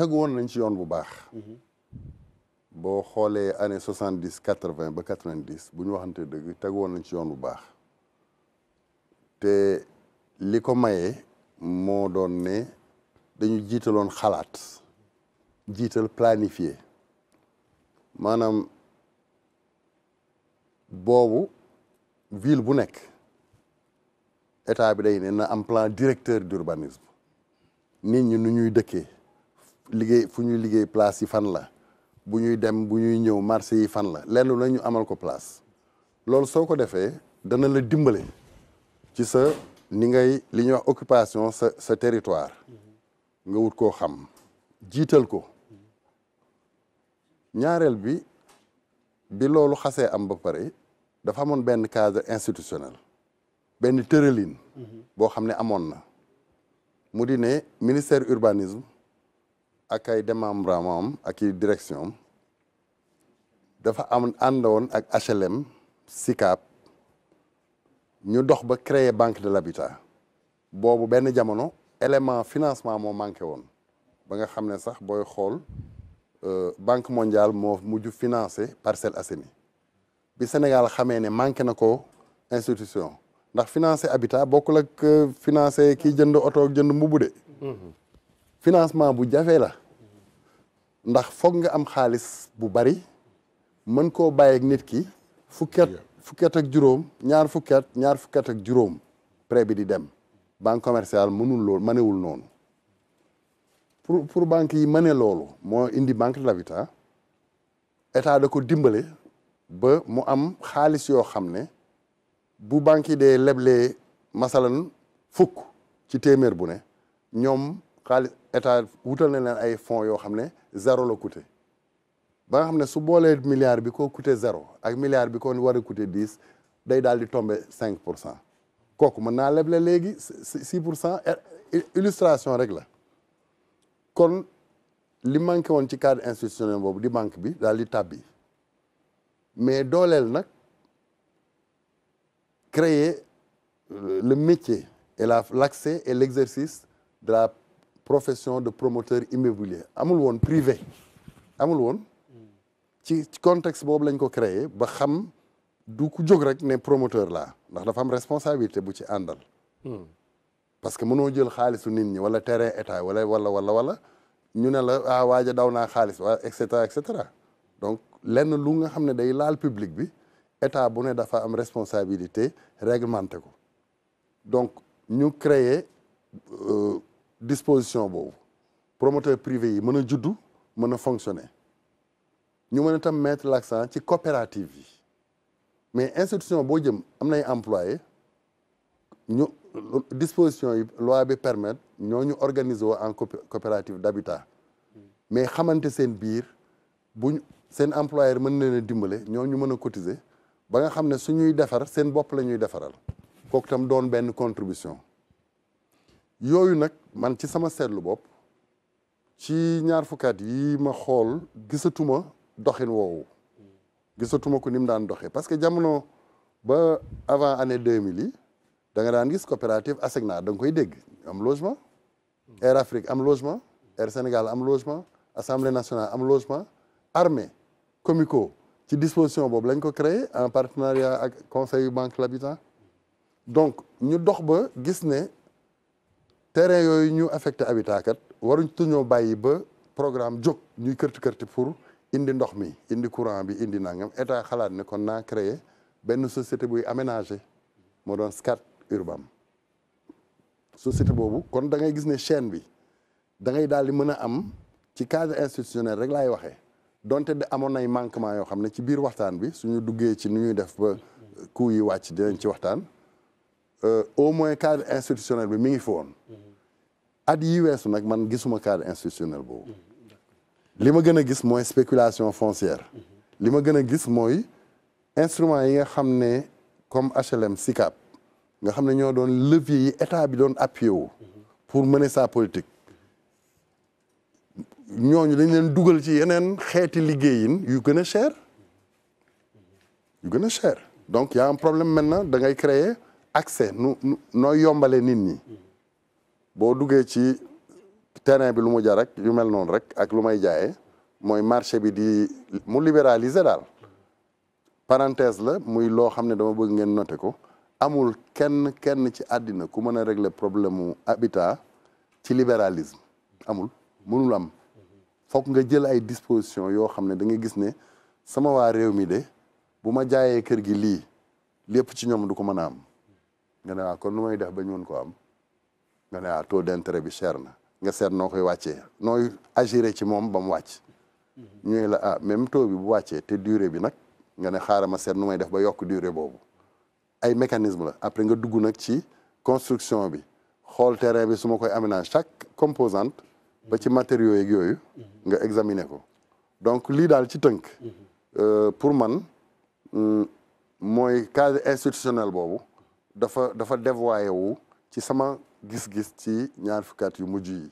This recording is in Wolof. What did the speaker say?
tegu woon nañ ci yoon bu baax boo xoolee année soixante dix quatre vingt ba quatre vingt dix bu ñu waxante dëgg tegu woon nañ ci yoon bu baax te li ko mayee moo doon ne dañu jiitaloon xalaat jiital planifié maanaam boobu ville bu nekk état bi day ne na am plan directeur d'urbanisme nit ñi nu ñuy dëkkee liggéey fu ñuy liggéey place yi fan la bu ñuy dem bu ñuy ñëw marché yi fan la lenn la ñu amal ko place loolu soo ko defee dana la dimbale ci sa ni ngay li ñuy wax occupation sa sa territoire nga wut koo xam jiital ko ñaareel bi bi loolu xasee am ba pare dafa amoon benn cadre institutionnel benn tëralin mhm. boo xam ne amoon na mu di ne ministère urbanisme ak ay démembrement am ak i direction am dafa am àndoon ak HLM SICAP ñu dox ba créer banque de l'habitat boobu benn jamono élément financement moo manqué woon ba nga xam ne sax booy xool euh, banque mondiale moo mujj financé parcelle Assainies bi Sénégal xamee ne manqué na ko institution ndax financé habitat bokkul ak euh, financé kii jënd oto jënd mbubu de mhm. financement bu jafe la ndax foog nga am xaalis bu bari mën koo bàyyeeg nit ki fukket fukket ak juróom ñaar fukket ñaar fukket ak juróom prêt bi di dem banque commerciale mënul loolu mënewul noonu pour pour banque yi mëne loolu moo indi banque de l'habitat état da ko dimbale ba mu am xaalis yoo xam ne bu banque de leble leblee masalan fukk ci téeméer bu ne ñoom xaalis état wutal na leen ay fonds yoo xam ne zéro la coûté ba xam ne su boolee milliard bi ko coûté zéro ak milliard bi ko war a coûté dix day daal di tombé cinq pour cent kooku mën naa leble léegi six pour cent illustration rek la kon li manqué woon ci cadre institutionnel boobu di banque bi daal di tàbbi mais dooleel nag créer le métier et la l'accès et l'exercice de profession de promoteur immobilier amul woon privé amul woon ci contexte boobu lañ ko créé ba xam du ku jóg rek ne promoteur la ndax dafa am responsabilité bu ci àndal hmm. parce que mënoo jël xaalisu nit ñi wala terrain état wala wala wala wala ñu ne la ah waaja daw naa xaalis waa et cetera et cetera donc lenn lu nga xam ne day laal public bi état bu ne dafa am responsabilité réglementé ko donc ñu créer euh, disposition boobu promoteur privé yi mën a juddu mën a fonctionner ñu mën a tam mettre l'accent ci coopérative yi mais institution boo jëm am nay employé ñu disposition yi loi bi permettre ñoo ñu organiser woo en coopérative d'habitat mais xamante seen biir buñ seen employeur mën leen a dimbale ñoo ñu mën a cotiser ba nga xam ne suñuy defar seen bopp la ñuy defaral kooku tam doon benn contribution yooyu nag man ci sama seetlu bopp ci ñaar fukkaat yi ma xool gisatuma doxin woowu gisatuma ko ni mu daan doxee parce que jamono ba avant année 2000 yi da nga daan gis coopérative Asegna da nga koy dégg am logement Air Afrique am logement Air Sénégal am logement Assemblée nationale am logement armée Comico ci disposition boobu lañ ko créé en partenariat ak conseil banque l'habitat donc ñu dox ba gis ne terrain yooyu ñu affecté habitat kat waruñ tuñoo bàyyi ba programme jóg ñuy kërti kërti pour indi ndox mi indi courant bi indi nangam état xalaat ne kon naa créé benn société buy aménagé moo doon SCAT Urbam société boobu kon da ngay gis ne chaine bi da ngay daal di mën a am ci cadre institutionnel rek laay waxee donte de amoon nay manquement yoo xam ne ci biir waxtaan bi suñu duggee ci nu ñuy def ba coût yi wàcc dinañ ci waxtaan euh, au moins cadre institutionnel bi mi ngi fi at yi weesu nag man gisuma cadre institutionnel boobu li ma gën a gis mooy spéculation foncière li ma gën a gis mooy instrument yi nga xam ne comme HLM SICAP nga xam ne ñoo doon levier yi état bi doon appuyé wu pour mener sa politique ñooñu dañ leen dugal ci yeneen xeeti liggéeyin yu gën a cher yu gën a cher donc y a un problème maintenant da ngay créer accès noo nooy yombale nit ñi boo duggee ci terrain bi lu mu jar rek yu mel noonu rek ak lu may jaayee mooy marché bi di mu libéraliser daal parenthèse la muy loo xam ne dama bëgg ngeen noté ko amul kenn kenn ci àddina ku mën a régler problème mu habitat ci libéralisme amul mënul am foog nga jël ay disposition yoo xam ne da gis ne sama waa réew mi de bu ma jaayee kër gi lii lépp ci ñoom du ko mën a am nga ne ah, kon nu may def ba ñu mën ko am nga ne ah taux d'intérêt bi cher na nga seet noo koy wàccee nooy agiré ci moom ba mu wàcc ñuy la ah même taux bi bu wàccee te dure bi nag nga ne xaaral ma seet nu may def ba yokk durée boobu ay mécanisme la après nga dugg nag ci construction bi xool terrain bi su ma koy aménage chaque composante ba ci matériaux yeeg yooyu nga examiner ko donc lii daal ci tënk euh, pour man mm, mooy cadre institutionnel boobu dafa dafa dévoyé wu ci sama gis-gis ci ñaar yu mujj yi